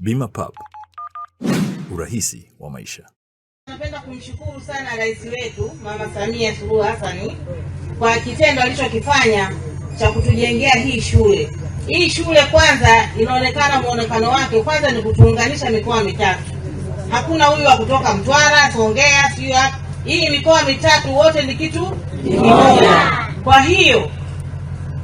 Bima Pub, urahisi wa maisha. Napenda kumshukuru sana rais wetu Mama Samia Suluhu Hassan kwa kitendo alichokifanya cha kutujengea hii shule. Hii shule kwanza, inaonekana muonekano wake kwanza ni kutuunganisha mikoa mitatu. Hakuna huyu wa kutoka Mtwara, Songea, sio hii mikoa mitatu, wote ni kitu kimoja. Kwa hiyo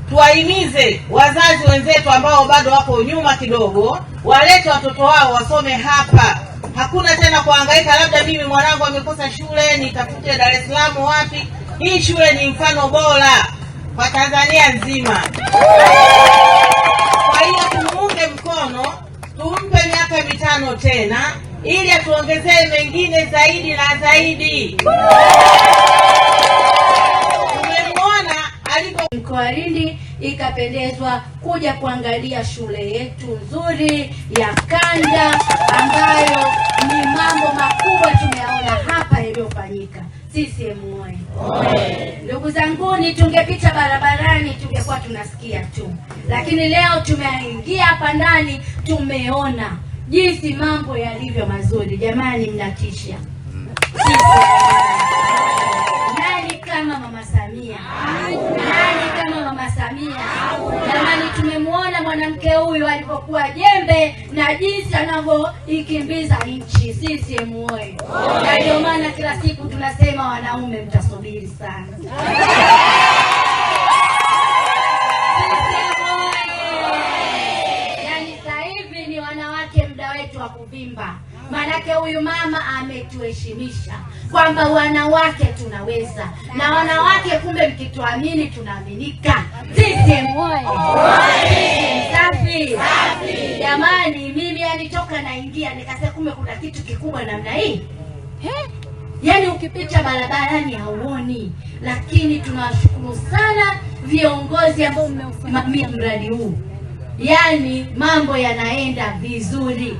tuwahimize wazazi wenzetu ambao bado wako nyuma kidogo, walete watoto wao wasome hapa. Hakuna tena kuhangaika, labda mimi mwanangu amekosa shule nitafute Dar es Salaam wapi. Hii shule ni mfano bora kwa Tanzania nzima. Kwa hiyo tumuunge mkono, tumpe miaka mitano tena ili atuongezee mengine zaidi na zaidi. Tumemwona alipo Mkoa Lindi ikapendezwa kuja kuangalia shule yetu nzuri ya kanda ambayo ni mambo makubwa tumeyaona hapa yaliyofanyika. CCM oye! Ndugu zanguni, tungepita barabarani tungekuwa tunasikia tu, lakini leo tumeingia hapa ndani tumeona jinsi mambo yalivyo mazuri. Jamani, mnatisha mm kama mama Samia? Nani kama mama Samia? Jamani, tumemwona mwanamke huyu alipokuwa jembe na jinsi anavyoikimbiza nchi. Sisi muoe, na ndio maana kila siku tunasema wanaume mtasubiri sana yaani Kuvimba manake, huyu mama ametuheshimisha kwamba wanawake tunaweza, na wanawake, kumbe mkituamini tunaaminika. Safi jamani, mimi alitoka naingia nikasema kumbe kuna kitu kikubwa namna hii yaani ukipita barabarani hauoni, lakini tunawashukuru sana viongozi ambao mmesimamia mradi huu, yaani mambo yanaenda vizuri.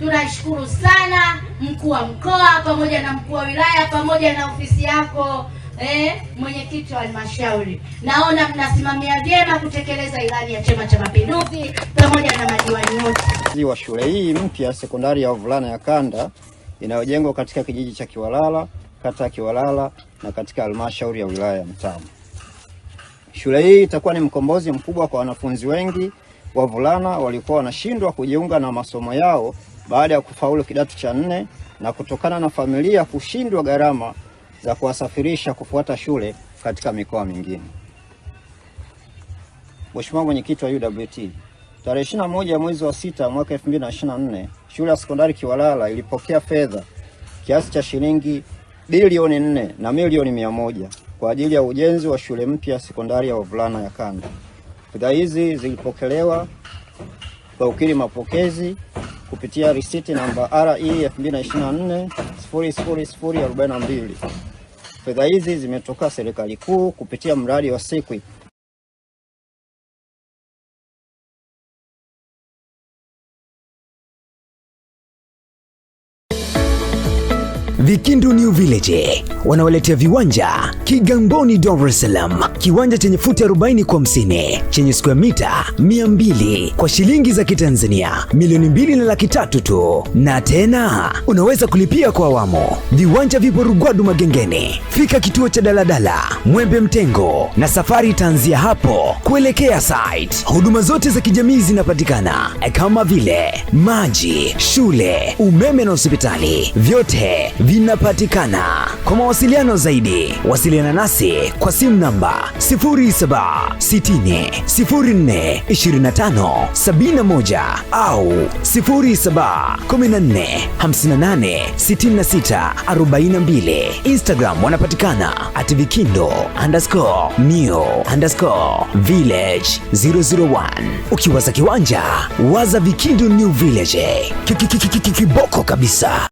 Tunashukuru sana mkuu wa mkoa pamoja na mkuu wa wilaya pamoja na ofisi yako eh, mwenyekiti wa halmashauri, naona mnasimamia vyema kutekeleza ilani ya Chama cha Mapinduzi pamoja na madiwani wote wa shule hii mpya sekondari ya wavulana ya kanda inayojengwa katika kijiji cha Kiwalala, kata ya Kiwalala na katika halmashauri ya wilaya ya Mtama. Shule hii itakuwa ni mkombozi mkubwa kwa wanafunzi wengi wavulana walikuwa wanashindwa kujiunga na masomo yao baada ya kufaulu kidato cha nne na kutokana na familia kushindwa gharama za kuwasafirisha kufuata shule katika mikoa mingine. Mheshimiwa Mwenyekiti wa UWT, tarehe 21 mwezi wa sita mwaka 2024, shule ya sekondari Kiwalala ilipokea fedha kiasi cha shilingi bilioni 4 na milioni moja kwa ajili ya ujenzi wa shule mpya sekondari ya wavulana ya kanda. Bidhaa hizi zilipokelewa kwa ukiri mapokezi kupitia risiti namba RE 2024 00042. Fedha hizi zimetoka serikali kuu kupitia mradi wa SEQUIP. Vikindu New Village wanawaletea viwanja Kigamboni, Dar es Salaam, kiwanja chenye futi 40 kwa 50 chenye square mita 200 kwa shilingi za Kitanzania milioni mbili na laki tatu tu, na tena unaweza kulipia kwa awamu. Viwanja vipo Rugwadu Magengeni, fika kituo cha daladala Mwembe Mtengo na safari itaanzia hapo kuelekea site. Huduma zote za kijamii zinapatikana kama vile maji, shule, umeme na hospitali, vyote vinapatikana. Kwa mawasiliano zaidi, wasiliana nasi kwa simu namba 0760042571 au 0714586642. Instagram wanapatikana at vikindo underscore mio underscore village 001. Ukiwaza kiwanja waza Vikindo New Village, kiboko kabisa.